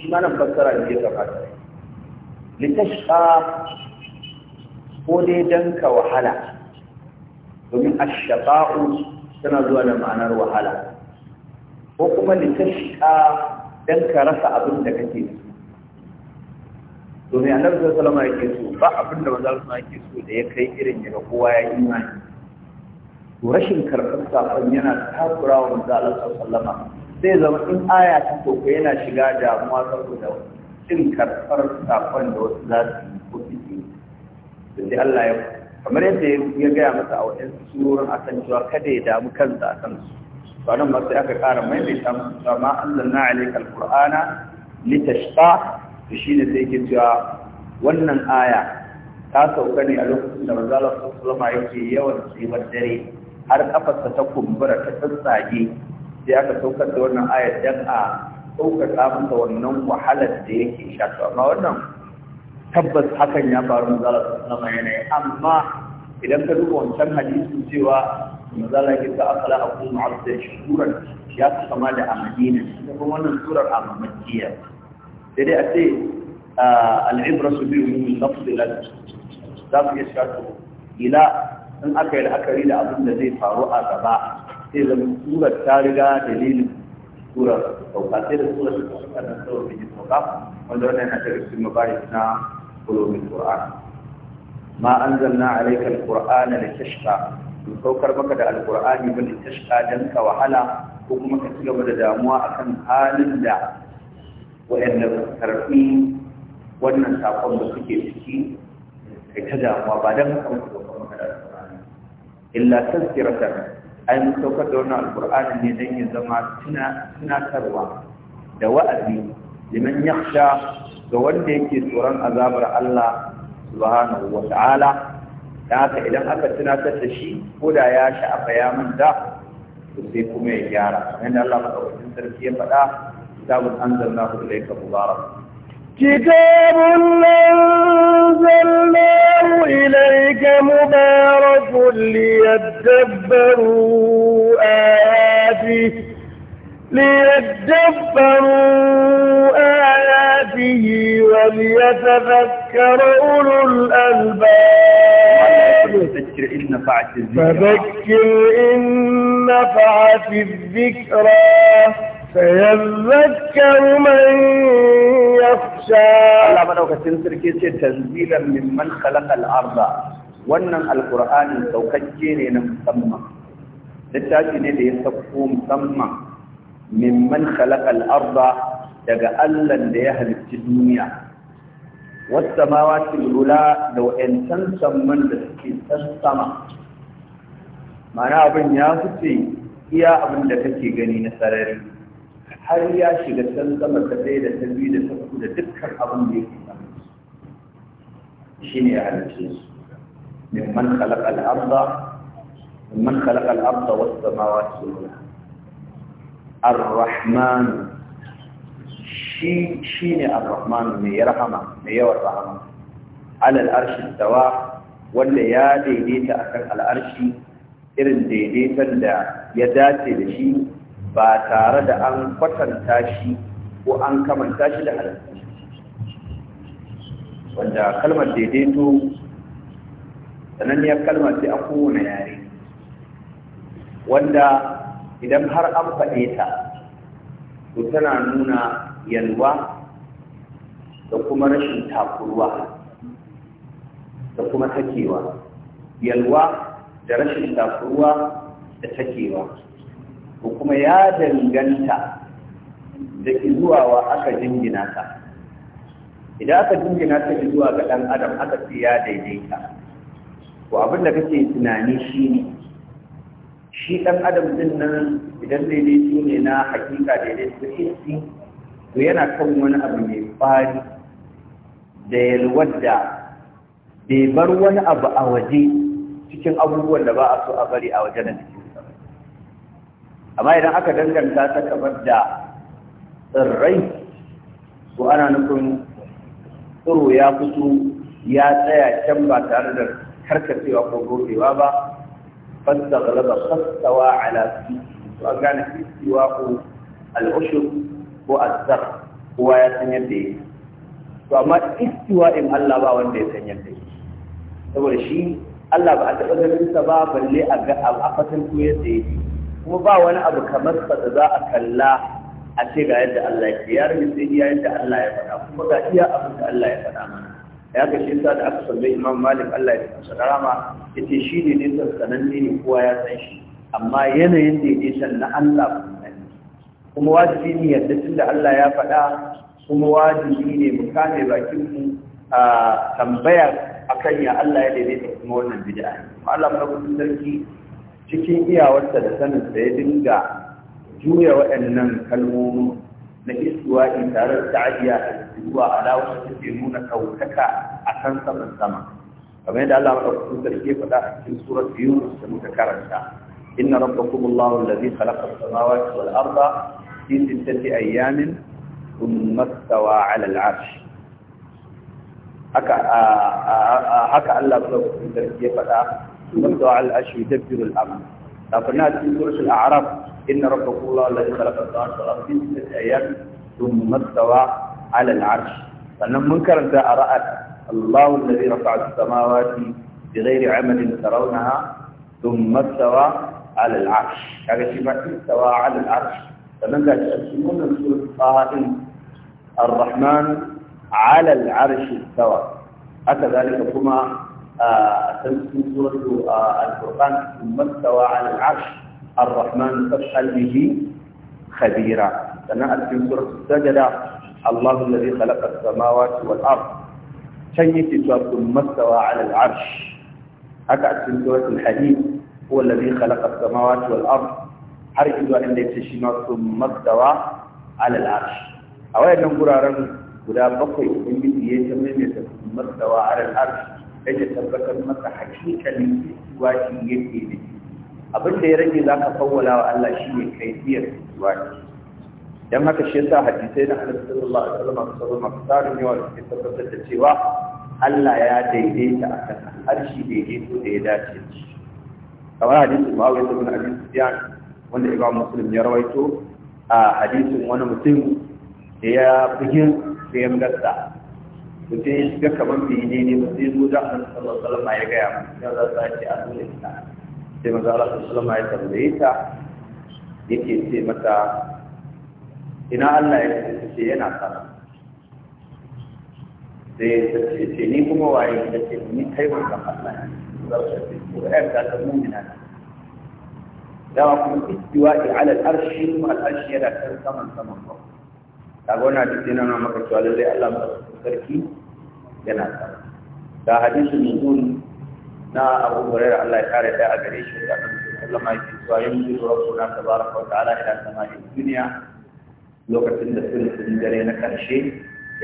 shi ma nan fassara da ke gabata litashqa ko dai dan ka wahala domin ash-shaqa'u tana zuwa da ma'anar wahala ko kuma litashqa dan ka rasa abin da kake so domin annabi sallallahu alaihi wasallam yake so ba abin da manzo wasallam yake so da ya kai irin ya ga kowa ya imani to rashin karɓar safan yana takurawa manzo sallallahu alaihi wasallam zai zama in aya ta koko yana shiga damuwa saboda cin karfar sakon da wasu za su yi ko su da sai Allah ya kamar yadda ya gaya masa a wajen surorin kan cewa kada ya damu kansa a su to nan ma sai aka ƙara ta musu cewa ma na alayka alqur'ana litashqa to shine sai yake cewa wannan aya ta sauka ne a lokacin da manzo Allah sallallahu alaihi wasallam yake yawan tsiwar dare har kafarsa ta kumbura ta tsatsage sai aka saukar da wannan ayar dan a ɗaukaka masa wannan wahalar da yake sha amma wannan tabbas hakan ya faru manzala sallama yanayi amma idan ka duba wancan hadisi cewa manzala ke ta akala a kuma abda shuran ya fi kama da a madina kuma wannan surar a mamakiya sai dai a ce al'ibra su biyu mun lafi da za su iya sha ila in aka yi la'akari da abin da zai faru a gaba sai zama surar ta riga dalilin surar sauka sai da surar ta sauka nan sauran da ke sauka wanda wannan yana daga cikin mabaris na ulumul qur'an ma an zanna a anzalna alayka alqur'ana litashqa mun saukar maka da alqur'ani ba litashqa don ka wahala ko kuma ka ci gaba da damuwa akan halin da wa'anda karfi wannan sakon da suke ciki kai ta damuwa ba don haka muka saukar maka da alqur'ani illa tazkiratan ai mun saukar da wannan Alƙur'ani ne dan ya zama tunatarwa da wa'azi liman yakhsha ga wanda yake tsoron azabar Allah subhanahu wa ta'ala da haka idan aka tunatar da shi ko da ya sha'afa ya manta to sai kuma ya gyara kamar yadda Allah madaukakin sarki ya faɗa kitabun anzalnahu ilayka mubarak كتاب أنزلناه إليك مبارك ليتدبروا آياته ليتدبروا آياته وليتذكر أولو الألباب فذكر إن نفعت الذكرى سيذكر من يخشى الله مدوكتين سركي ce tanzilan mimman khalaqa al-arda wannan alqur'ani saukacce ne na musamman littafi ne da ya sauko musamman mimman khalaqa al-arda daga Allah da ya halicci duniya wasamawati al-ula da wa'antan samman da suke sama ma'ana abin ya fice iya abin da kake gani na sarari har ya shiga can sama ta ɗaya da ta biyu da ta uku da dukkan abin da yake sama shi ne ya halarce su min man khalaqa al-arda min man khalaqa al-arda was samawati wal ardh ar-rahman shi shine ar-rahman mai rahama mai yawan rahama alal arshi dawa wanda ya daidaita akan al-arshi irin daidaitan da ya dace da shi ba tare da an kwatanta shi ko an kamanta shi da halittar wanda kalmar daidaito sananniyar kalmar sai a kowane yare wanda idan har an faɗe ta to tana nuna yalwa da kuma rashin takurwa da kuma takewa yalwa da rashin takurwa da takewa ko kuma ya danganta da zuwa wa aka jingina ta idan aka jingina ta zuwa ga ɗan adam aka ce ya daidaita ko abin da kake tunani shi ne shi ɗan adam din nan idan daidaito ne na hakika daidaito shi to yana kan wani abu mai fari da yalwadda bai bar wani abu a waje cikin abubuwan da ba a so a bari a waje na jiki. amma idan aka danganta ta kamar da tsirrai su ana nufin tsiro ya fito ya tsaya can ba tare da karkacewa ko gobewa ba fasta galaba fastawa ala su to an gane fistiwa ko al'ushur ko azzar kowa ya san yadda yi. to amma istiwa in Allah ba wanda ya san yadda yi. saboda shi Allah ba a taɓa ganin sa ba balle a ga a fatan ko yadda yake kuma ba wani abu kamar sa da za a kalla a ce ga yadda Allah ya ce ya rage sai ya yadda Allah ya faɗa kuma ga iya abin da Allah ya faɗa mana ya ga sa da aka salle Imam Malik Allah ya tsara sarama yace shi ne ne sananne ne kowa ya san shi amma yanayin da yake san na Allah kuma wajibi ne yadda tunda Allah ya faɗa kuma wajibi ne mu kame bakin mu a tambaya akan ya Allah ya daidaita kuma wannan bid'a Allah madaukakin sarki cikin iyawarsa da sanin da ya dinga juya waɗannan kalmomi na istiwa'i tare da ta'adiyya a zuwa alawa su ke nuna ɗaukaka a kan saman sama kamar yadda Allah maɗaukakin sarki ya faɗa a cikin surar biyu da muka karanta inna rabbakum Allahu allazi khalaqa as-samawati wal arda fi sittati ayyamin thumma istawa 'ala al-'arsh haka haka Allah maɗaukakin sarki ya faɗa والدعاء الأشي يدبر الأمر لكنها في سورة الأعراف إن ربكم الله الذي خلق الأرض والأرض في ستة أيام ثم استوى على العرش فلما منكر أرأت الله الذي رفع السماوات بغير عمل ترونها ثم استوى على العرش هذا يعني شيء استوى على العرش فمن ذا تسمون سورة طه الرحمن على العرش استوى ذلك كما تنسي سورة القرآن ثم استوى على العرش الرحمن فتح به خبيرا سنة في سورة السجدة الله الذي خلق السماوات والأرض شيء ثم استوى على العرش أكأت في سورة الحديث هو الذي خلق السماوات والأرض حركة أن يتشينا ثم استوى على العرش أولا نقول أرى guda bakwai ubangiji ya yi ta maimaita mastawa a al'arshi da ta tabbatar masa hakikalin wajen yake shi abin da ya rage za ka fawwala wa Allah shi ne kai biyar wajen dan haka shi yasa hadisai na Annabi sallallahu alaihi wasallam sun tsarin yawa da ke tabbatar da cewa Allah ya daidaita akan harshe daidaito da ya dace kamar hadisin Muawiya ibn Abi Sufyan wanda Imam Muslim ya rawaito a hadisin wani mutum da ya bugin da ya mutum ya shiga kamar bai daidai ba sai zo da annabi sallallahu alaihi wasallam ya gaya mu ya za ta ce a dole ita sai manzo ya mata ina Allah ya ce yana sana sai ta ce ni kuma waye ta ce ni kai Allah ne ko ta kuma istiwa'i ala kuma al'arshi yana kan saman saman ba kaga wannan yana maka cewa Allah sarki yana da hadisu mai nuzul na Abu yara Allah ya kare da a gare shi da Annabi su alaihi ma yake cewa yanzu rabbuna tabaraka wa ta'ala ila yin duniya lokacin da sun dare na karshe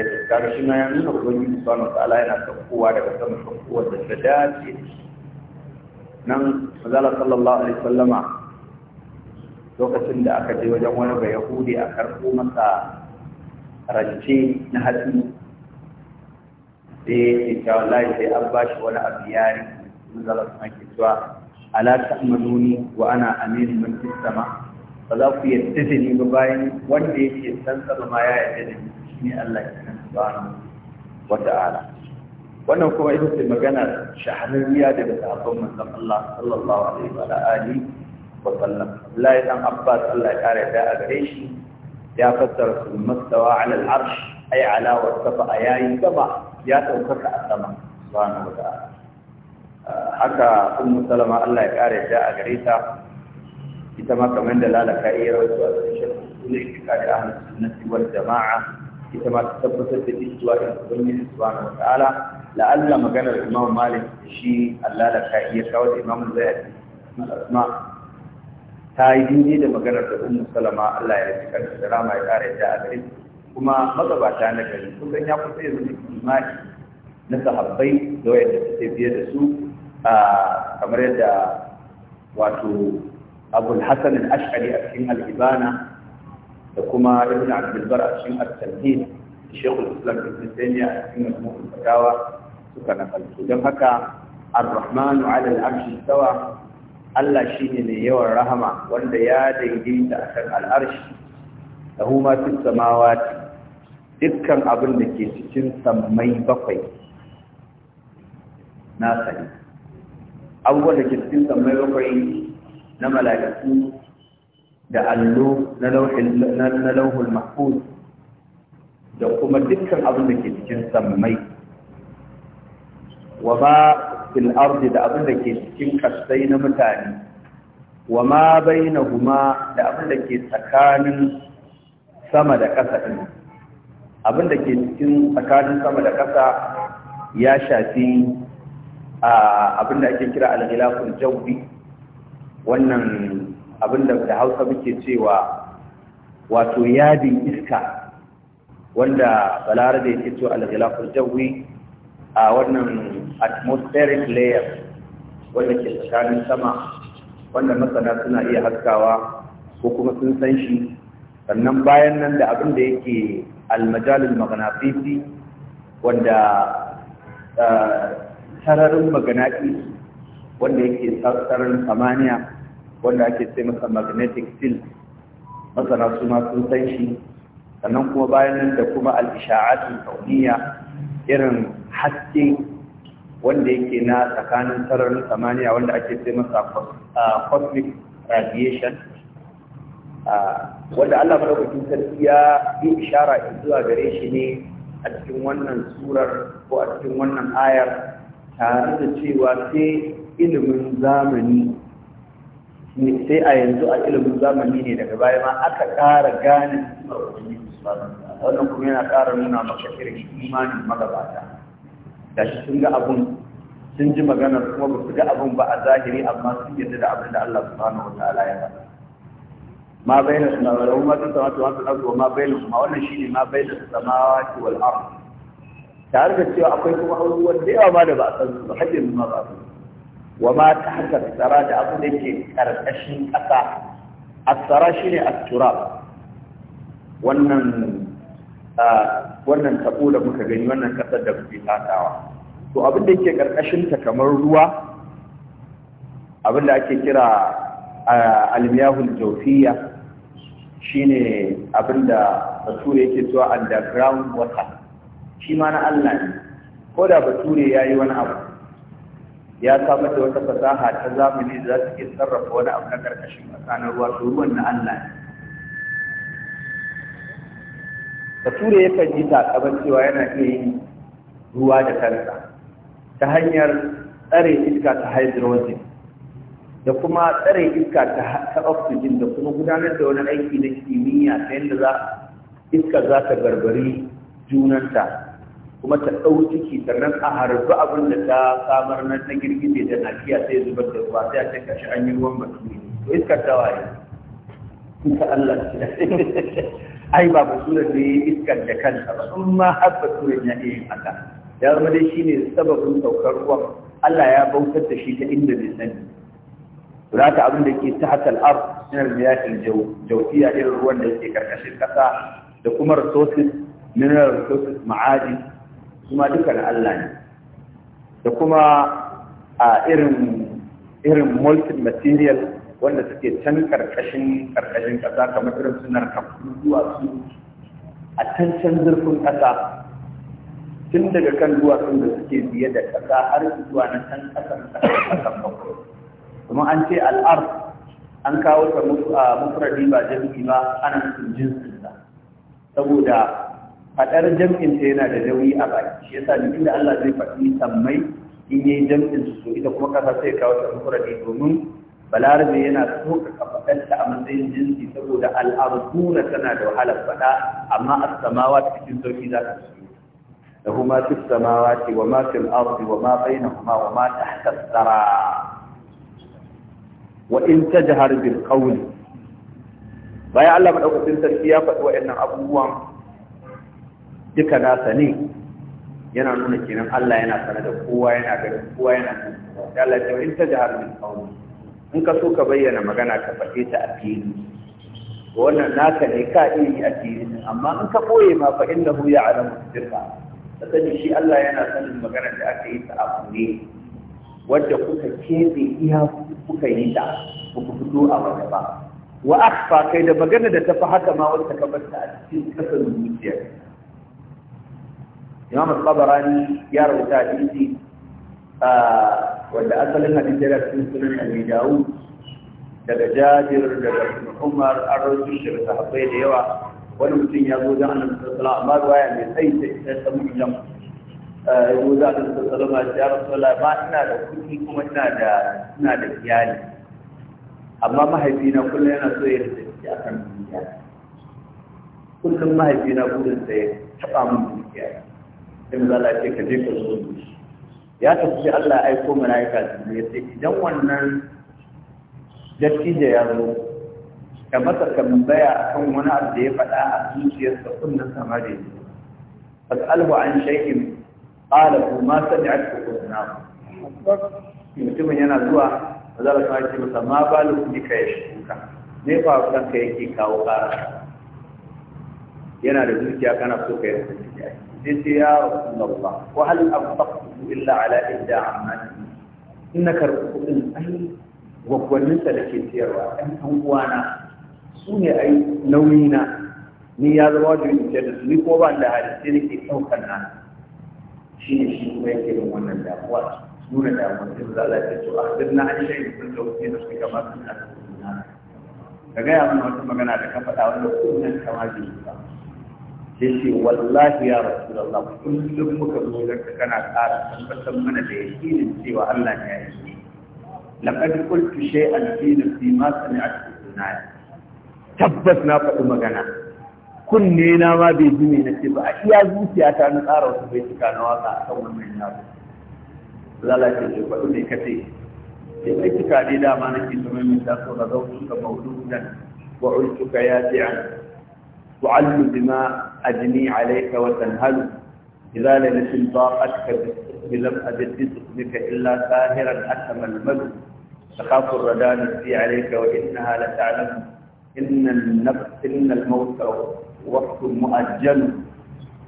ya tsaka shi ma ya nuna ubangiji subhanahu wa ta'ala yana kowa daga sama saukowar da ta dace nan mazala sallallahu alaihi sallama lokacin da aka je wajen wani bai yahudi a karɓo masa rance na hatsi sai ya ce wallahi sai an ba wani abu yari mun zala su ake cewa ala ta'maluni wa ana amin man fis sama ba za ku yarda da ni ba bayan wanda yake san sama ma ya yarda da ni shine Allah kenan subhanahu wa ta'ala wannan kuma ita ce magana shahararriya daga sahabban manzon Allah sallallahu alaihi wa alihi wa sallam Allah ya san Abbas Allah ya kare da a gare shi ya fassara su mastawa ala al-arsh ay ala wasafa ayayi gaba. ya ɗaukaka a sama subhanahu wa ta'ala haka ummu salama Allah ya kare ta a gare ta ita ma kamar da lalaka iya rawaito a cikin shirin kullu itikadi ahlus sunnati wal jama'a ita ma ta tabbatar da istiwa da ubangiji subhanahu wa ta'ala la'alla maganar imam malik shi Allah da ka iya kawo da imam zayyad ta yi dindi da maganar da ummu salama Allah ya ji karfi da rama ya kare ta a gare ta kuma magabata na gari kusan ya kusa yanzu imani na sahabbai da wayanda suke biye da su kamar yadda wato abul hasan al-ash'ari a cikin al-ibana da kuma ibn abdul bar a cikin at da shaykh al-islam ibn taymiyyah a cikin majmu'ul fatawa suka nakalto don haka ar-rahmanu 'ala al-arshi istawa Allah shine mai yawan rahama wanda ya daidaita akan al Da lahu ma fis samawati dukkan abin da ke cikin sammai bakwai na sani abubuwan da ke cikin sammai bakwai na mala'iku da allo na lauhul mahfuz da kuma dukkan abin da ke cikin sammai wa ba fil ardi da abin da ke cikin kasai na mutane wa ma bainahuma da abin da ke tsakanin sama da ƙasa ɗin abin da ke cikin tsakanin sama da ƙasa ya shafi abin da ake kira alghilafun jawbi wannan abin da Hausa muke cewa wato yadin iska wanda balarabe yake cewa alghilafun jawbi a wannan atmospheric layer wanda ke tsakanin sama wanda masana suna iya haskawa ko kuma sun san shi sannan bayan nan da abin da yake almajalul maganafisi wanda sararin maganaki wanda yake sararin samaniya wanda ake ce masa magnetic field masana su ma sun san shi sannan kuma bayan da kuma al-isha'atu irin haske wanda yake na tsakanin sararin samaniya wanda ake ce masa cosmic radiation wanda Allah madaukakin sarki ya yi ishara zuwa gare shi ne a cikin wannan surar ko a cikin wannan ayar tare da cewa sai ilimin zamani sai a yanzu a ilimin zamani ne daga baya ma aka ƙara gane wannan kuma yana ƙara nuna maka irin imanin magabata da shi sun ga abun sun ji maganar kuma ba su ga abun ba a zahiri amma sun yarda da abin da Allah subhanahu wa ta'ala ya faɗa ma bayna samawati wa ma samawati wa al-ard wa ma bainahuma wannan shine ma bayna samawati wal ard tare da cewa akwai kuma abubuwan da yawa ba da ba a san har yanzu ma ba wa ma ta haka tsara da abu da ke ƙasa asara shine wannan tabo da muka gani wannan kasar da muke tatawa to abin da yake karkashin ta kamar ruwa abin da ake kira al-miyahul jawfiyya shine abinda bature yake zuwa underground water shi ma na Allah ne ko da bature ya yi wani abu ya samar da wata fasaha ta zamani da za su iya sarrafa wani abu na karkashin ƙasa ruwa to ruwan na Allah ne bature yakan yi takaban cewa yana iya yin ruwa da kansa ta hanyar tsare iska ta hydrogen da kuma tsare iska ta ta oxygen da kuma gudanar da wani aiki na kimiyya ta yadda za iska za ta garbari junanta kuma ta ɗau ciki sannan a harbi abin da ta samar na ta girgije da nakiya sai zubar da ruwa sai a ce kashi an yi ruwan basuri to iskar ta waye ta Allah ce ai ba basuran ne iska da kanta ba sun ma har basuran ya iya yin haka ya zama dai shine sababin saukar ruwan Allah ya bautar da shi ta inda bai sani Za ta abin da ke tahta al-ard min al-miyah al-jawfiyya irin ruwan da ke karkashin kasa da kuma resources mineral resources ma'adi kuma duka na Allah ne da kuma a irin irin molten material wanda suke can karkashin karkashin kasa kamar irin su narkafu zuwa su a can can zurfin kasa tun daga kan duwatsun da suke biye da kasa har zuwa na can kasan kasan kasan bakwai kuma an ce al'ar an kawo ta mufradi ba jam'i ba ana nufin jinsin sa saboda fadar jam'in ta yana da nauyi a baki shi yasa duk da Allah zai faɗi sammai in yayi jam'in su so ita kuma kasa sai kawo ta mufradi domin balarabe yana soka faɗar ta a matsayin jinsi saboda al'arzuna tana da wahalar faɗa amma as-samawa cikin sauki za ta so له ما في السماوات وما في الأرض وما بينهما وما تحت الثرى wa in tajhar bil qawli bayan Allah madaukakin sarki ya faɗi wa'annan abubuwan duka nasa ne yana nuna kenan Allah yana sanar da kowa yana ganin kowa yana da Allah ya in tajhar bil qawli in ka so ka bayyana magana ka faɗe ta a fili wannan naka ne ka iya yi a fili amma in ka boye ma fa innahu ya'lamu sirra sani shi Allah yana sanin magana da aka yi ta a fili wadda kuka keɓe iya kuka yi ta kuka fito a wani ba wa akfa kai da magana da tafi haka ma wata ka bar ta a cikin kasar zuciyar imam al-qabarani ya rawaita hadisi wanda asalin hadisi da cikin sunan abi dawud daga jabir daga umar an rawaito shi da sahabbai da yawa wani mutum ya zo da annabi sallallahu alaihi wasallam ba ruwaya mai tsayi ta ta mu'jam yau eh, za ta da salama ta ya rasu ba ina da kuɗi kuma ina da ina da iyali amma mahaifina kullum yana so ya rasa a kan duniya kullum mahaifina burin sa ya taɓa min dukiya sai mu zala ce ka je ka zo ya tafi sai Allah ya aiko mala'ika ne sai idan wannan dattijo ya zo ka masa tambaya akan wani abu da ya faɗa a zuciyarsa kullum sama da yi fas'alhu an shay'in ku ma sami'tu qulna mutumin yana zuwa azara ta ce masa ma balu ka ya shuka ne fa kan ka yake kawo ƙara yana da zuciya kana so ka yi dukiya sai sai ya rasulullah wa hal anfaqtu illa ala idda ammati inna karbu kudin ai gwaggwannin sa da ke ciyarwa ɗan ɗan uwana su ne ai nauyi na ni ya zama wajibi in ce da su ni ko ba da hali sai nake ɗaukar na shi ne shi kuma yake da wannan damuwa nuna damuwa sai za a ce a duk na an shayi sun da wuce da suka ba su da ka gaya min wata magana da ka faɗa wanda kunan kama bai yi ba sai ce wallahi ya rasu da rasulullah kullum muka zo da kana ƙara tabbatar mana da yakinin cewa Allah ne ya yi shai qultu shay'an fi nafsi ma sami'tu sunaya tabbas na faɗi magana kunne na ma bai ji me nace ba a iya zuciya ta na tsara wasu bai cika na waka a kan wannan yaro lalace ne ba ne kace ke bai cika ne dama nake so mai mai taso da zautu ka maududan wa ultuka ya ji'an تعل بما أجني عليك وتنهل إذا لم طاقتك لم أجد بك إلا ساهرا أتم المل تخاف الردان في عليك وإنها لتعلم إن النفس إن الموت وقت مؤجل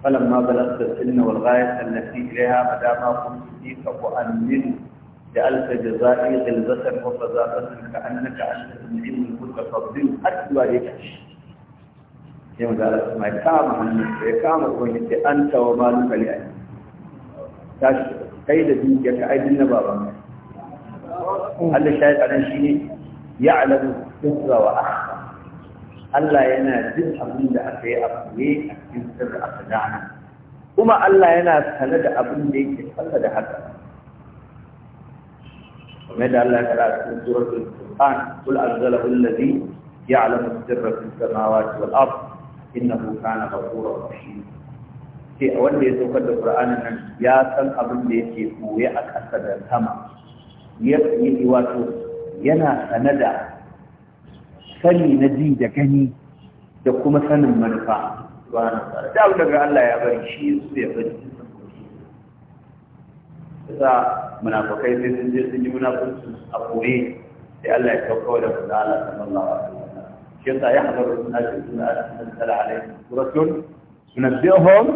فلما بلغت السن والغاية التي إليها مدام قمت فيك وأمن جعلت جزائي غلظة وفزافة كأنك أشهد من علم الملك فضل أتلى إليك يوم قالت ما يكام عن نفسه يكام عن أنت ومالك لأني كيد دينك كأيد النبابة هل الشيخ على شيء يعلم كثرة وأخرى Allah yana jin abin da aka yi a fiye a cikin sirri a sadana kuma Allah yana sane da abin da yake kalla da haka kuma da Allah ya kara a cikin suratul Qur'an kul anzalahu allazi ya'lamu sirra fis samawati wal ard innahu kana ghafurur rahim sai wanda ya saukar da Qur'anin nan ya san abin da yake koye a ƙasa da sama ya yi wato yana sane da sani na ji da gani da kuma sanin manufa da abu daga Allah ya bari shi su ya bari sa munafakai sai sun je sun yi munafuncin a koye sai Allah ya kawo da kuma Allah sallallahu alaihi wasallam shi yasa ya haɗa suna ce suna sala alaihi suratun suna bihom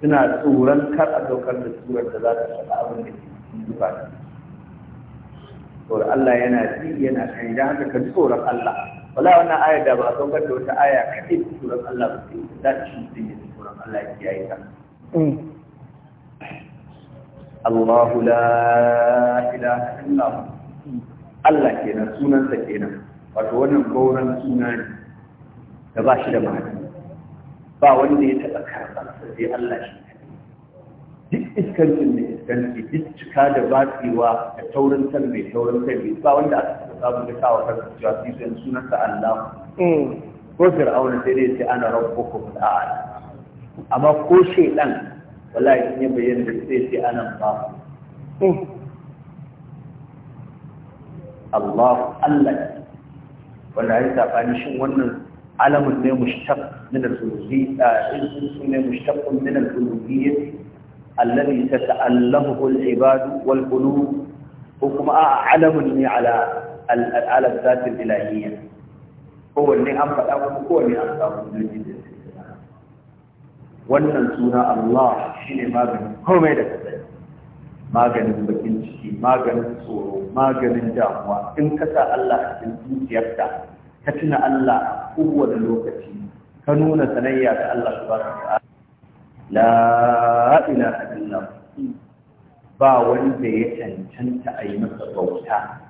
suna tsoron kar a daukar da surar da za ta faɗa abin da ke cikin tsoron Allah yana ji yana kan idan haka ka tsoron Allah wala wannan aya da ba a saukar da wata aya kaɗai ji tsoron Allah ba sai za ta shi mutum ya ji tsoron Allah ya kiyaye ta mm. Allah la ilaha illa Allah kenan sunansa kenan wato wannan gauran suna ne da ba shi da ma'ana ba wanda ya taɓa karɓa sai Allah shi duk iskancin ne ganci duk cika da batsewa da taurin kan mai taurin kai mai ba wanda aka samu da kawo kan cewa su yi sunan sa Allah mm. ko fir'auna sai dai sai ana rabbukum ta'ala amma ko shedan wallahi in ya bayyana da sai sai ana ba mm. Allah Allah wanda ya safani shin wannan alamun ne mushtaq min al-uluhiyyah ah, in sun ne mushtaq min al-uluhiyyah alladhi tata'allamuhu al-ibad wal qulub ko kuma a alamun ne ala ala zatin ilahiyya kowanne an faɗa kuma an samu da wannan suna Allah shine maganin komai da kasai maganin bakin ciki maganin tsoro maganin damuwa in ka sa Allah a cikin zuciyarka ka tuna Allah kowane lokaci ka nuna sanayya da Allah subhanahu wa ta'ala la ilaha illallah ba wanda ya cancanta a yi masa bauta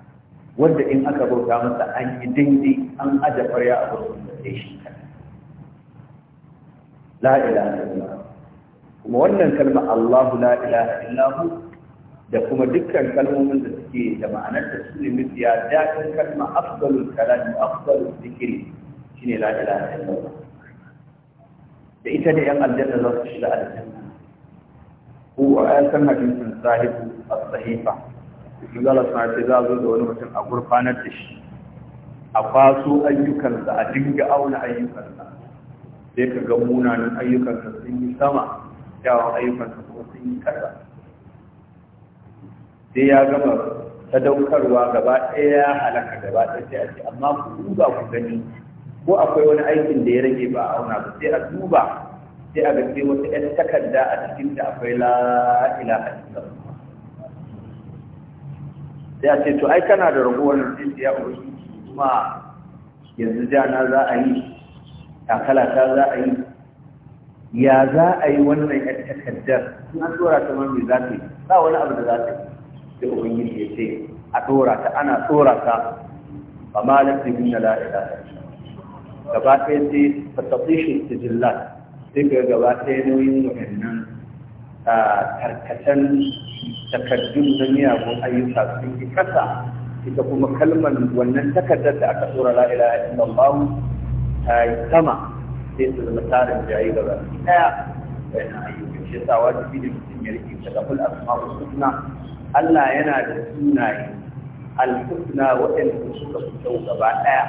wanda in aka bauta masa an yi daidai an aje farya a gurbin da ya shi kada la ilaha illallah kuma wannan kalma Allahu la ilaha illahu da kuma dukkan kalmomin da suke da ma'anar da su ne mafiya daɗin kalma afdalul kalam afdalul zikri shine la ilaha illallah da ita da yan aljanna za su shiga aljanna ko a san sun sahibu as-sahifa Allah sana ce za zo da wani mutum a gurfanar da shi a kwaso ayyukansa a dinga auna ayyukansa sai ka ga munanan ayyukansa sun yi sama kyawun ayyukansa kuma sun yi kasa sai ya gama sadaukarwa gaba ɗaya ya halaka gaba ɗaya sai a ce amma ku duba ku gani ko akwai wani aikin da ya rage ba a auna ba sai a duba sai a gaske wata ɗan takarda a cikin da akwai la'ila a cikin sai a ce to ai kana da ragowar ya ubangi kuma yanzu jana za a yi takalata za a yi ya za a yi wannan ɗan takardar in an tsora ta mami za ta yi ba wani abu da za ta yi sai ubangiji ya ce a tsora ta ana tsora ta ba ma lafi min na la'ila gaba ɗaya sai fatasishin sijillat sai ga gaba ɗaya nauyin waɗannan tarkacen takardun na miyagun ayyuka sun yi kasa ita kuma kalmar wannan takardar da aka tsora la ilaha illallah ta yi sama sai su zama tarin jayi gaba daya bayan ayyukan shi yasa wajibi da mutum ya rike ta kafin asma'ul husna Allah yana da sunaye al-husna waɗanda suka fito gaba ɗaya.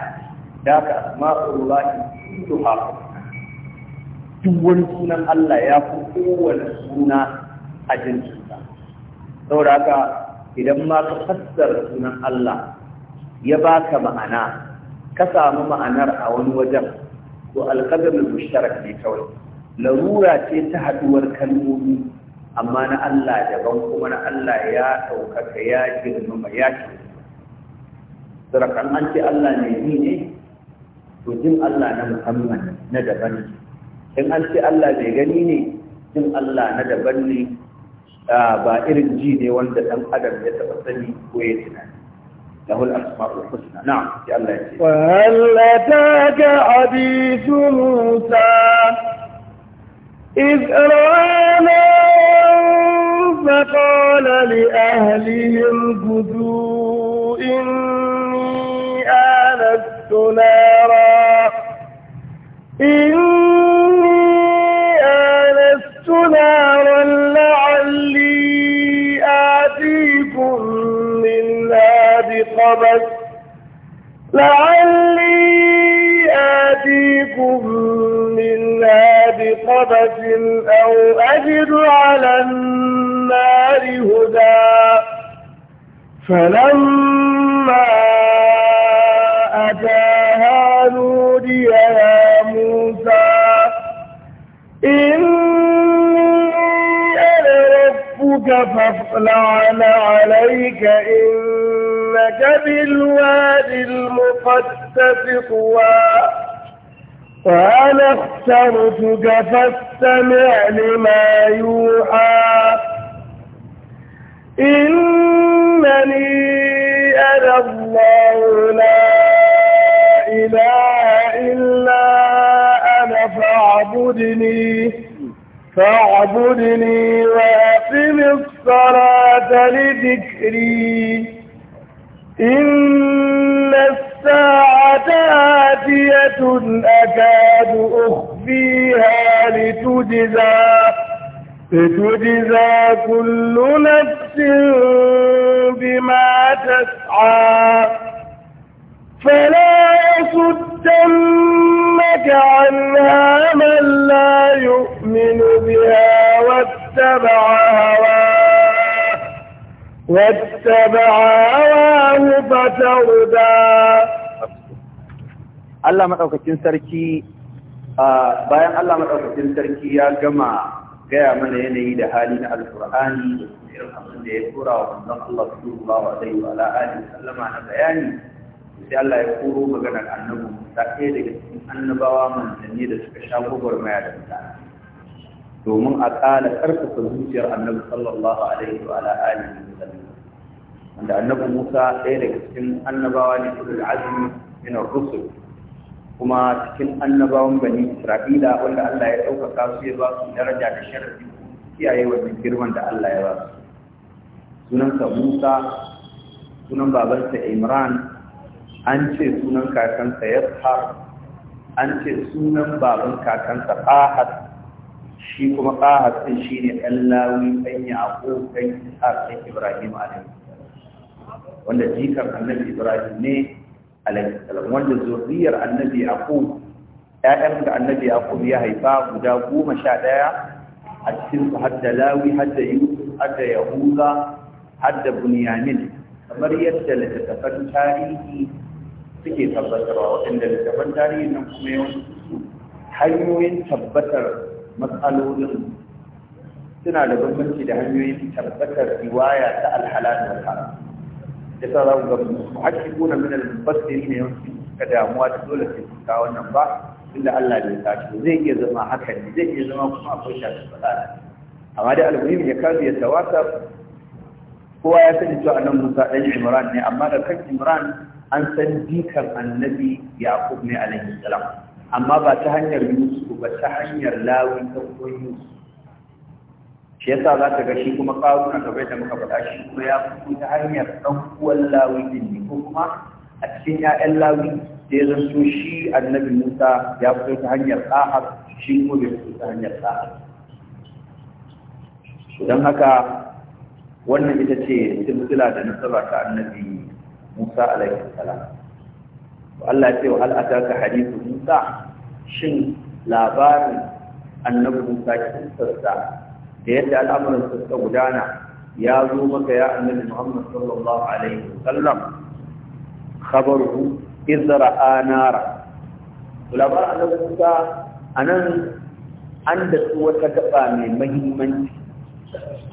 da ka asma'ullahi tuha duk wani sunan Allah ya fi kowane suna a jinsinsa saboda haka idan ma ka fassara sunan Allah ya baka ma'ana ka samu ma'anar a wani wajen ko alqadarul mushtarak ne kawai larura ce ta haduwar kalmomi amma na Allah daban kuma na Allah ya ɗaukaka ya girmama ya ce sarakan an ce Allah ne ni ne to jin Allah na musamman na daban ne in an ce Allah bai gani ne jin Allah na daban ne ba irin ji ne wanda dan adam ya taba sani ko ya tunani له الأسماء الحسنى نعم يا الله يجزيك وهل أتاك حديث موسى إذ رآنا فقال لأهلهم كذوا إني آنست نارا إني آنست نارا لعلي آتيكم منها بقبس لعلي آتيكم منها بقبس أو أجد على النار هدى فلما موسى إني أنا ربك فاطلع عليك إنك بالواد المقدس طوى وأنا اخترتك فاستمع لما يوحى إنني أنا الله لا فاعبدني فاعبدني وأقم الصلاة لذكري إن الساعة آتية أكاد أخفيها لتجزى لتجزى كل نفس بما تسعى فلا يصدن أضلك عنها من لا يؤمن بها واتبع هواه واتبع هواه فتردى Allah maɗaukakin sarki bayan Allah maɗaukakin sarki ya gama gaya mana yanayi da hali na alkur'ani da irin abin da ya tura wa manzon Allah sallallahu alaihi wa alihi sallama na bayani sai Allah ya koro maganar annabi ta ɗaya daga cikin annabawa manzanni da suka sha gwagwarmaya da mutane domin a ƙala ƙarfafa zuciyar annabi sallallahu alaihi wa alihi wa sallam wanda annabi Musa ɗaya daga cikin annabawa ne ulul azmi min ar-rusul kuma cikin annabawan bani Isra'ila wanda Allah ya ɗaukaka su ya ba su daraja da sharafi kiyaye wannan girman da Allah ya ba su sunansa Musa sunan babansa Imran an ce sunan kakansa yashar an ce sunan baban kakansa ahad shi kuma ahad shi ne allawi dan yaqub dan ishaq ibrahim alaihi wanda jikar annabi ibrahim ne alaihi salam wanda zuriyar annabi yaqub ƴaƴan da annabi yaqub ya haifa guda goma sha ɗaya a cikin su da lawi hadda yusuf hadda yahuza da bunyamin kamar yadda littattafan tarihi suke tabbatarwa waɗanda gaban tarihi nan kuma yawan hanyoyin tabbatar matsalolin suna da bambanci da hanyoyin tabbatar riwaya ta alhalal da haram da ta za ku ga muhakkikuna min al-mufassirin ne yawanci ka damuwa da dole sai su kawo wannan ba inda Allah bai tashi zai iya zama haka ne zai iya zama kuma akwai shafi fada amma dai al-muhim ya kazu ya tawasa kowa ya sani cewa annabi Musa dan Imran ne amma da kan Imran an san jikan annabi yaqub ne alaihi salam amma ba ta hanyar yusuf ba ta hanyar lawi ta uwan yusuf shi yasa za ta ga shi kuma na gaba da muka faɗa shi kuma ya fi ta hanyar ɗan uwan lawi din ne ko kuma a cikin 'ya'yan lawi da ya zanto shi annabi musa ya fito ta hanyar ƙahar shi kuma bai fito ta hanyar ƙahar don haka wannan ita ce silsila da nasaba ta annabi Musa alaihi salam Allah ce wa al'ataka hadithu Musa shin labarin annabi Musa kin sassa da yadda al'amuran suka gudana ya zo maka ya annabi Muhammad sallallahu alaihi wasallam khabaru izra anara labarin annabi Musa nan an da su wata gaba mai mahimmanci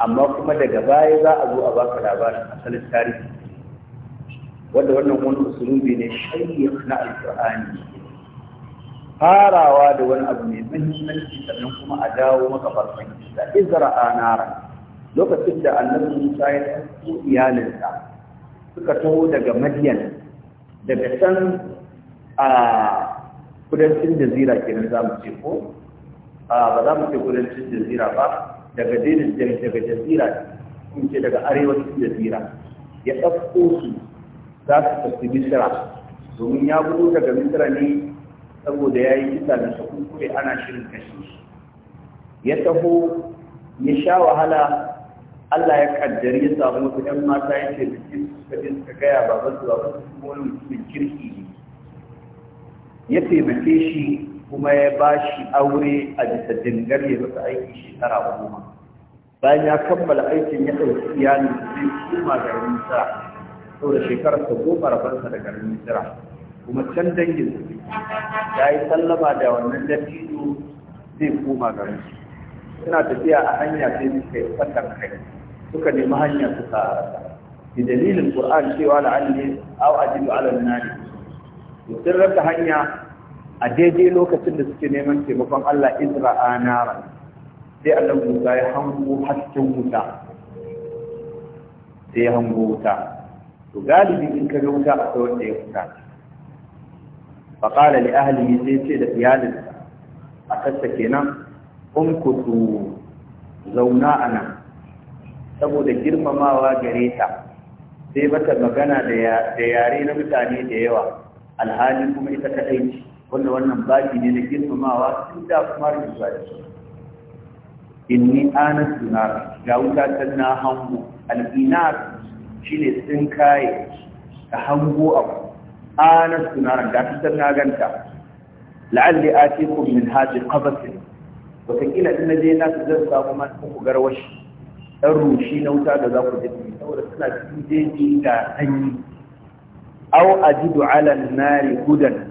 amma kuma daga baya za a zo a baka labarin asalin tarihi wanda wannan wani usulubi ne shayyar na alƙur'ani farawa da wani abu mai mahimmanci sannan kuma a dawo maka farkon da a nara lokacin da annabi Musa ya tafi iyalinsa suka taho daga madiyan, daga can a kudancin jazira kenan za mu ce ko ba za mu ce kudancin jazira ba daga daga jazira kun ce daga arewacin jazira ya ɗauko su za su tafi misira domin ya gudu daga misira ne saboda ya yi kisa da sakukure ana shirin kashe shi ya taho ya sha wahala Allah ya kaddari ya samu wasu ‘yan mata ya ce bikin suka je suka gaya baban su ba su kuma wani mutumin kirki ne ya taimake shi kuma ya ba shi aure a bisa dangar ya masa aiki shekara goma bayan ya kammala aikin ya ɗauki iyalin zai koma garin sa saboda shekarar ta goma rabarsa da garin misira kuma can dangin su ya yi sallama da wannan dattijo zai koma garin su suna tafiya a hanya sai suka yi fatan kai suka nemi hanya suka rasa bi dalilin qur'an cewa la'alli aw ajidu ala ne. to sun rasa hanya a daidai lokacin da suke neman taimakon Allah Izra a nara sai Allah ga ya hango hasken wuta sai ya hango wuta to galibi in ka ga wuta sai wanda ya fita fa qala li ahlihi sai ce da iyalinsa a kasta kenan kun ku zauna a nan saboda girmamawa gare ta sai bata magana da yare na mutane da yawa alhali kuma ita kaɗai ce wanda wannan baki ne na girmamawa tun da kuma rubuta da su inni anas suna ga wuta ta na hango al'inar shine sun kaye ta hango abu ana sunaran da ta san na ganta la'alli atikum min hadi qabatin wataƙila in na je na su zan samu ma ku shi. ɗan rushi na wuta da za ku je saboda suna cikin jeji da hanyi. sanyi aw ajidu ala nari gudan,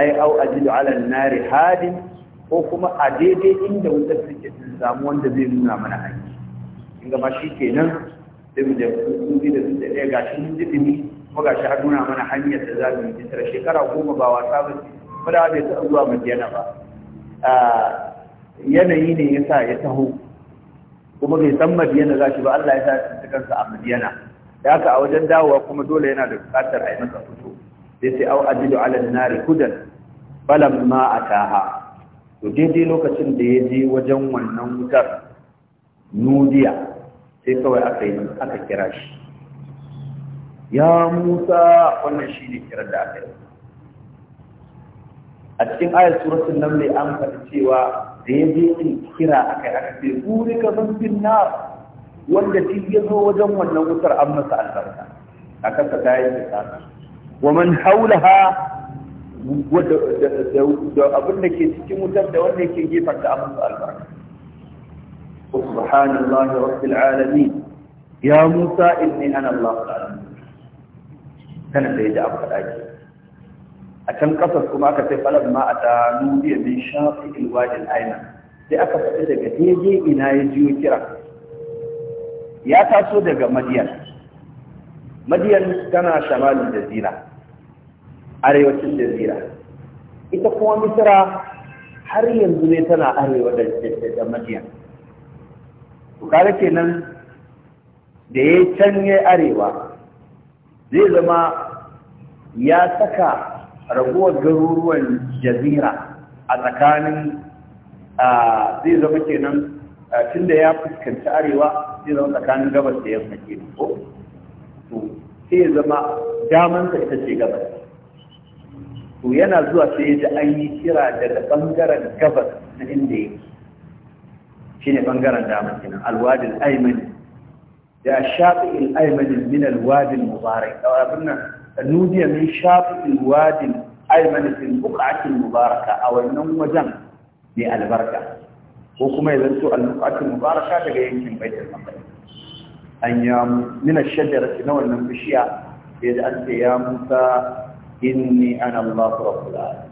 ai au aw ajidu ala nari hadin ko kuma a daidai inda wutar take sun samu wanda zai nuna mana hanyar in gama shi kenan sai mu je da su da ɗaya ga shi jidimi ko ga shi har nuna mana hanyar da za mu yi tsara shekara goma ba wasa ba ko da bai taɓa zuwa madiyana ba yanayi ne ya sa ya taho kuma bai san madiyana za shi ba Allah ya sa shi kansa a madiyana da haka a wajen dawowa kuma dole yana da buƙatar a yi masa fito sai sai au ajidu ala nari hudan a ataha to daidai lokacin da ya je wajen wannan wutar nudiya sai kawai aka yi aka kira shi ya musa wannan shi ne kiran da aka yi a cikin ayar suratun nan mai an faɗi cewa da ya je yin kira aka yi aka ce kuri ka zan na wanda shi ya zo wajen wannan wutar an masa albarka a kasa ta yi ta wa man haulaha da abin da ke cikin wutar da wanda ke gefen da an masa albarka سبحان الله رب العالمين يا موسى اني انا الله العالمين كان يجي ابو داجي akan kasar kuma aka sai falal a ta nubiya min shafi ilwajin aina sai aka fita daga daidai ina ya jiyo kira ya taso daga madiyan madiyan tana shamalin jazira arewacin jazira ita kuma misira har yanzu ne tana arewa da madiyan kare kenan da ya can arewa zai zama ya saka raguwar garuruwan jazira a tsakanin zai zama kenan tun da ya fuskanci arewa zai zama tsakanin gabas da yamma ke ko sai zama damansa ita ce gabas to yana zuwa sai ya ji an yi kira daga ɓangaren gabas na inda yake shine bangaren dama kenan alwadi al-ayman da ash-shafi al-ayman min al-wadi al-mubarak aw abunna nudiya min shafi al-wadi al-ayman fi al-buq'ati al-mubaraka aw annan wajan bi albarka ko kuma yanzu al-buq'ati al-mubaraka daga yankin baitul maqdis an yamu min ash-shajarati na wannan bishiya sai da an ce ya Musa inni ana Allah rabbul alamin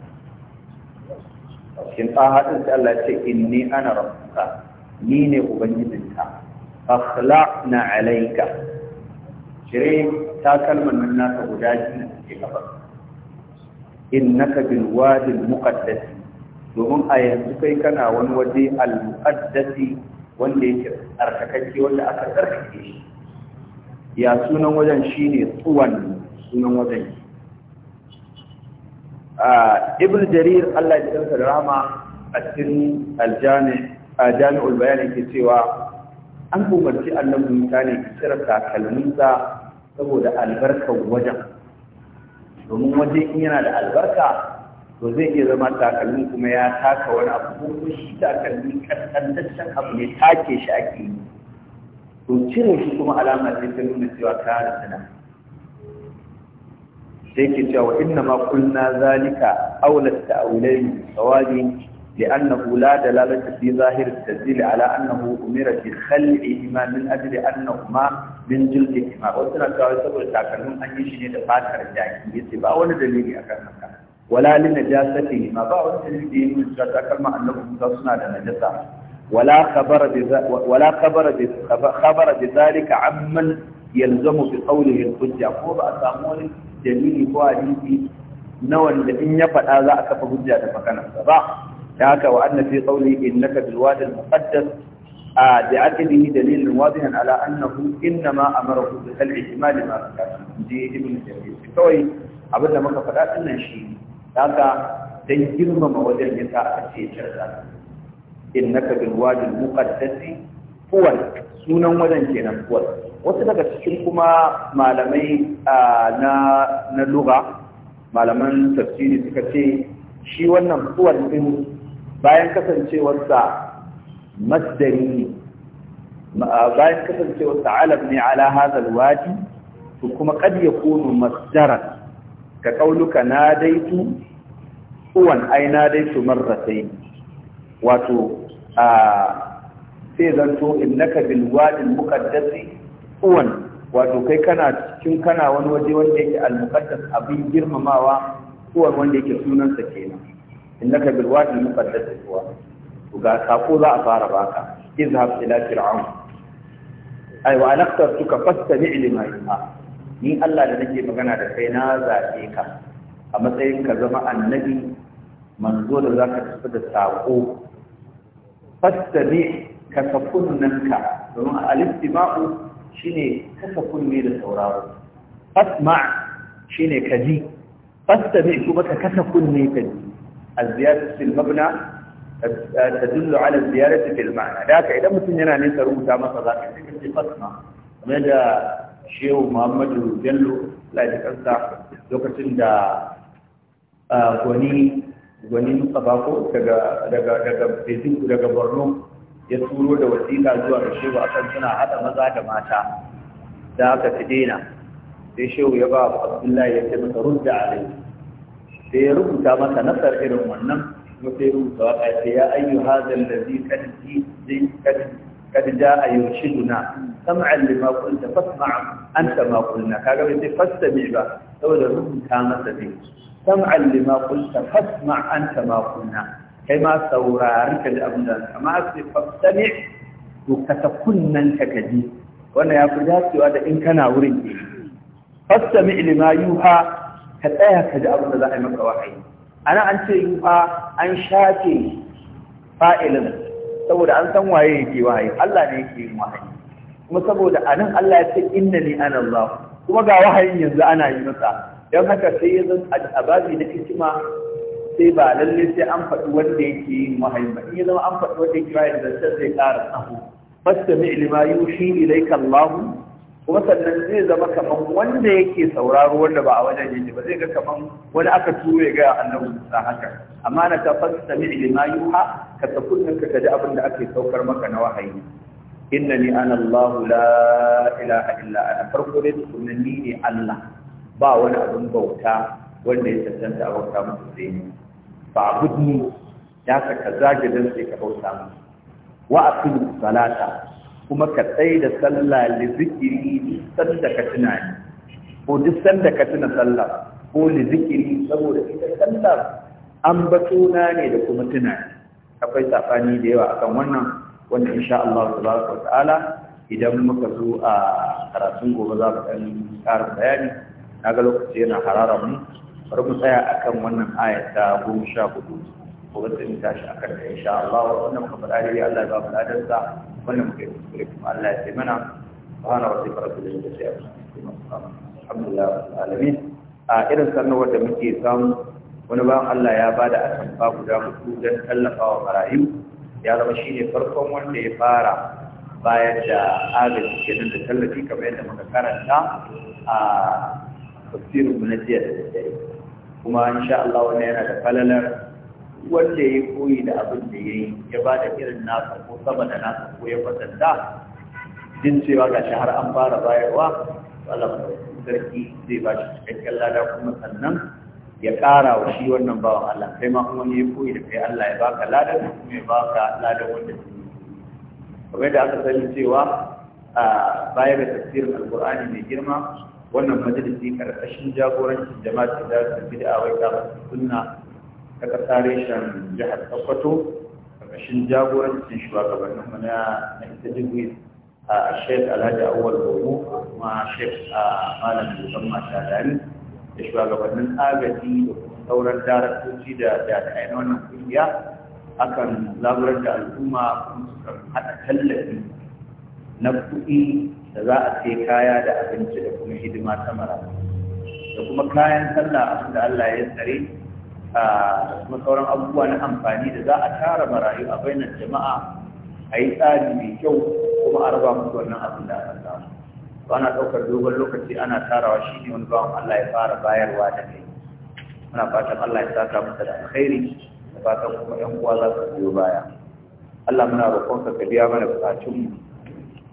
kin ta hadin sai Allah ya ce inni ana rabbuka ni ne ubangijinka akhlaqna alayka shire ta kalman nan naka guda biyu ke gaba innaka bil wadi al muqaddas domin a yanzu kai kana wani waje al muqaddas wanda yake tsarkakakke wanda aka tsarkake shi ya sunan wajen shine tsuwan sunan wajen ah, ibn jarir Allah ya tsarkake rama a cikin aljami a jami'ul bayani ke cewa an umarci annabi Musa ne ki cire takalminsa saboda albarkar wajen domin waje in yana da albarka to zai iya zama takalmin kuma ya taka wani abu ko kuma shi takalmin kaskantaccen abu ne take shi ake yi to cire shi kuma alama ce ta nuna cewa ka sana, sai ke cewa inna ma kulna zalika aulat ta'awulaini sawabin لأنه لا دلالة في ظاهر التدليل على أنه أمر بخلعهما من أجل أنهما من جلدهما وسنة كاوي سبور تاكلم أن يشني دفاتر الجاكي يتبا ولا دليل أكرمك ولا لنجاستهما با ولا دليل من شرطكما أنه تصنع لنجاسة ولا خبر ولا خبر خبر بذلك عمن يلزم بقوله الحجة هو بأسامون دليل هو حديثي نوى إن يفعل هذا أكف حجة فكان ba da haka wa'adda fi qawli innaka bil wadi al muqaddas a da akidi dalil wadihan ala annahu inma amaruhu bi al ihtimal ma ka ji ibn jarir kai abin da muka faɗa din nan shi da haka dan girma wajen ya ta a ce jarra innaka bil wadi sunan wajen kenan huwa wasu daga cikin kuma malamai na lugha malaman tafsiri suka ce shi wannan huwa din bayan kasancewarsa masdari ne bayan kasancewarsa alam ne ala hazal wadi to kuma kad kunu masdara ka kauluka daitu uwan ai daitu marratai wato a sai zanto innaka bil wadi al muqaddasi uwan wato kai kana cikin kana wani waje wanda yake al muqaddas abin girmamawa uwan wanda yake sunansa kenan innaka bil wadi al muqaddas tuwa to ga sako za a fara baka izhab ila fir'aun ai wa anaqtartuka fastami' lima yuha ni Allah da nake magana da kai na zabe ka a matsayin ka zama annabi manzo da zaka tafi da sako fastami' ka sakunnanka domin al-istima'u shine kasa kunne da sauraro fasma' shine kaji fastami' kuma ka kasa kunne ji. الزيادة في المبنى تدل على الزيادة في المعنى ذاك إذا مثل ينا نيسا رمتا ما صداك في فصمة مدى شيخ محمد جلو لا يتكسى لوكسن دا gwani gwani Mustapha ko daga daga daga Beijing daga Borno ya turo da wasiƙa zuwa ga Shehu akan suna hada maza da mata da aka fi daina sai Shehu ya ba Abdullahi ya ce masa rudda sai ya rubuta masa nasar irin wannan kuma ya rubuta waka sai ya ayyu zai ladhi qad ji qad qad jaa yurshiduna sam'an lima qulta fasma' anta ma qulna kaga bai sai fastami ba saboda rubuta masa dai sam'an lima qulta fasma' anta ma qulna kai ma saurari ka ji abin da Kama sai fastami to ka kunnan ka gaji. wannan ya fi dacewa da in kana wurin ke fastami lima yuha ka tsaya ka ji abin da za a yi maka wahayi A ana an ce yi fa an shafe fa'ilin saboda an san waye yake wahayi Allah ne yake yin wahayi kuma saboda a nan Allah ya ce inna ni ana Allah kuma ga wahayin yanzu ana yi masa don haka sai yanzu a babi na hikima sai ba lalle sai an faɗi wanda yake yin wahayi ba in ya zama an faɗi wanda yake wahayi da sai zai ƙara tsaho fastami ilma yushi ilayka Allah kuma zai zama kaman wanda yake sauraro wanda ba a wajen yake ba zai ga kaman wani aka turo ya ga annabi Musa haka amma na ta fasta min lima yuha ka ta kullun ka kaji abin da ake saukar maka na wahayi innani ana Allah la ilaha illa ana farko dai tukunan ni ne Allah ba wani abin bauta wanda ya tantance a bauta musu sai ni fa budni ya ka kaza gidan sai ka bauta musu wa aqim salata kuma ka tsaye da sallah li zikiri da ka ko duk ka tuna sallah ko li zikiri saboda ita sallah an batuna ne da kuma tunani akwai safani da yawa akan wannan wanda insha Allah tabaraka wa ta'ala idan muka zo a karatun gobe za mu dan ƙarin bayani ga lokaci yana hararar mu bari mu tsaya akan wannan aya ta goma sha hudu gobe sai tashi akan ta insha Allah wannan muka faɗa Allah ya ba mu ladarsa wanda muke kuskure kuma Allah ya taimana subhana rabbika da muke samu wani bayan Allah ya bada atamfa guda hudu don tallafawa marayu ya zama shi ne farkon wanda ya fara bayar da agaji kenan da tallafi kamar yadda muka karanta a tafsirin mu na jiya da dare kuma insha yana da falalar wanda ya koyi da abin da ya yi ya ba irin nasa ko sama da nasa ko ya kwatanta din cewa ga shi har an fara bayarwa Allah sarki zai ba shi cikakken lada kuma sannan ya ƙara wa shi wannan bawan Allah kai ma kuma ne koyi da kai Allah ya baka ladan kuma ya baka lada wanda ke yi kamar da aka sani cewa a baya da tafsirin alqur'ani mai girma wannan majalisi karkashin jagorancin jama'a da su bid'a wai sunna ta ƙasa jihar Sokoto ƙarƙashin jagorancin shugabannin mu na ita jirgin a shek Alhaji Awal Bobo kuma a Malam Dukan Matadari da shugabannin agaji da kuma sauran daraktoci da jami'ai na wannan kungiya akan zaburar da al'umma kuma suka haɗa tallafi na kuɗi da za a sai kaya da abinci da kuma hidima ta mara da kuma kayan sallah abinda Allah ya tsare kuma sauran abubuwa na amfani da za a tara marayu a bainar jama'a a yi tsari mai kyau kuma a raba musu wannan abin da aka samu to ana ɗaukar dogon lokaci ana tarawa shi ne wani bawan Allah ya fara bayarwa da kai muna fatan Allah ya saka masa da alkhairi da fatan kuma ƴan uwa za su biyo baya Allah muna roƙonka ka biya mana buƙatunmu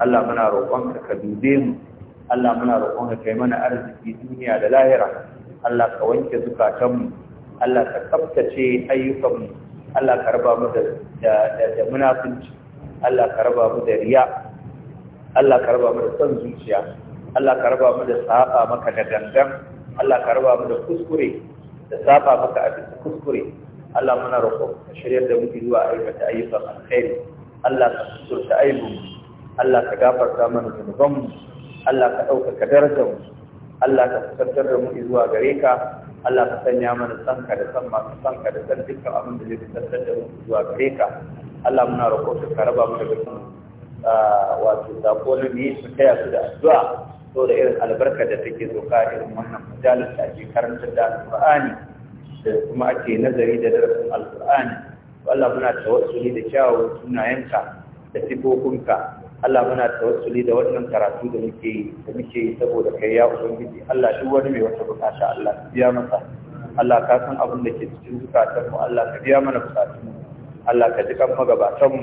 Allah muna roƙonka ka dube mu Allah muna roƙonka ka kai mana arziki duniya da lahira Allah ka wanke zukatanmu Allah ka tsabtace ayyukanmu Allah ka raba mu da munafunci Allah ka raba mu da riya Allah ka raba mu da son zuciya Allah ka raba mu da saba maka da gangan Allah ka raba mu da kuskure da saba maka a bisa kuskure Allah muna roƙo ka shiryar da muke zuwa aikata ayyukan alkhairi Allah ka kusurta aibun Allah ka gafarta mana zunubanmu Allah ka ɗaukaka mu. Allah ka fitar da mu zuwa gare ka Allah ka sanya mana sanka da san masu sanka da san dukkan abin da zai fitar da mu zuwa gare ka Allah muna roƙo ka raba mu daga kan wato sako na ne su kai su da addu'a so da irin albarka da take zoka irin wannan majalis da ake karanta da Qur'ani da kuma ake nazari da darasin alƙur'ani Allah muna tawassuli da kyawu sunayenka da sifofinka Allah muna tawassuli da wannan karatu da muke yi da muke yi saboda kai ya ubangiji Allah duk wani mai wata bukata Allah ka biya masa Allah ka san abin da ke cikin zukatan mu Allah ka biya mana bukatun mu Allah ka ji kan magabatan mu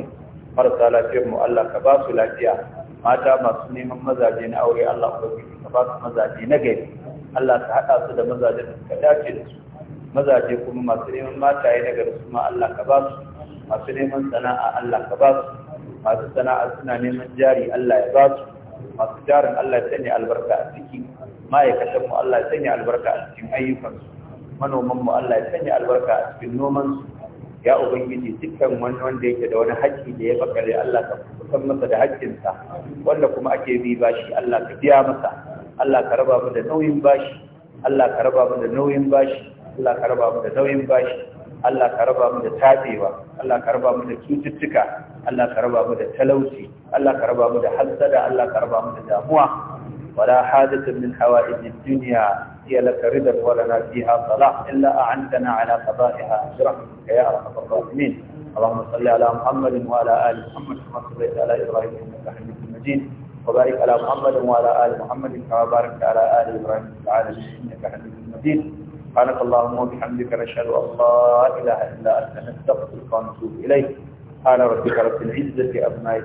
marasa lafiyar mu Allah ka ba su lafiya mata masu neman mazaje na aure Allah ubangiji ka ba su mazaje na gari Allah ka haɗa su da mazajen da suka dace da su mazaje kuma masu neman mataye na gari su ma Allah ka ba su masu neman sana'a Allah ka ba su masu sana'a suna neman jari Allah ya ba su masu jarin Allah ya sanya albarka a ciki Ma'aikatanmu Allah ya sanya albarka a cikin ayyukansu Manomanmu Allah ya sanya albarka a cikin nomansu ya ubangiji dukkan wani wanda yake da wani haƙƙi da ya bakare Allah ka kusan masa da haƙƙinsa wanda kuma ake bi bashi Allah ka biya masa Allah ka raba mu da nauyin bashi Allah ka raba mu da nauyin bashi Allah ka raba mu da nauyin bashi Allah ka raba da tafewa, Allah ka raba mu da cututtuka, Allah ka raba mu talauci, Allah ka raba mu da hassada, Allah ka raba mu da damuwa. Wala hadithin min hawa'in duniya iya laka ridar wala na fiha sala illa a an dana ala qada'iha ajra ka ya arha fadlamin. Allahumma salli ala Muhammad wa ala ali Muhammad kama sallaita ala Ibrahim innaka Hamidul Majid. Wa barik ala Muhammad wa ala ali Muhammad kama barakta ala ali Ibrahim innaka Hamidul Majid. سبحانك اللهم وبحمدك نشهد أن لا إله إلا أنت نستغفرك ونتوب إليك قال ربك رب العزة أما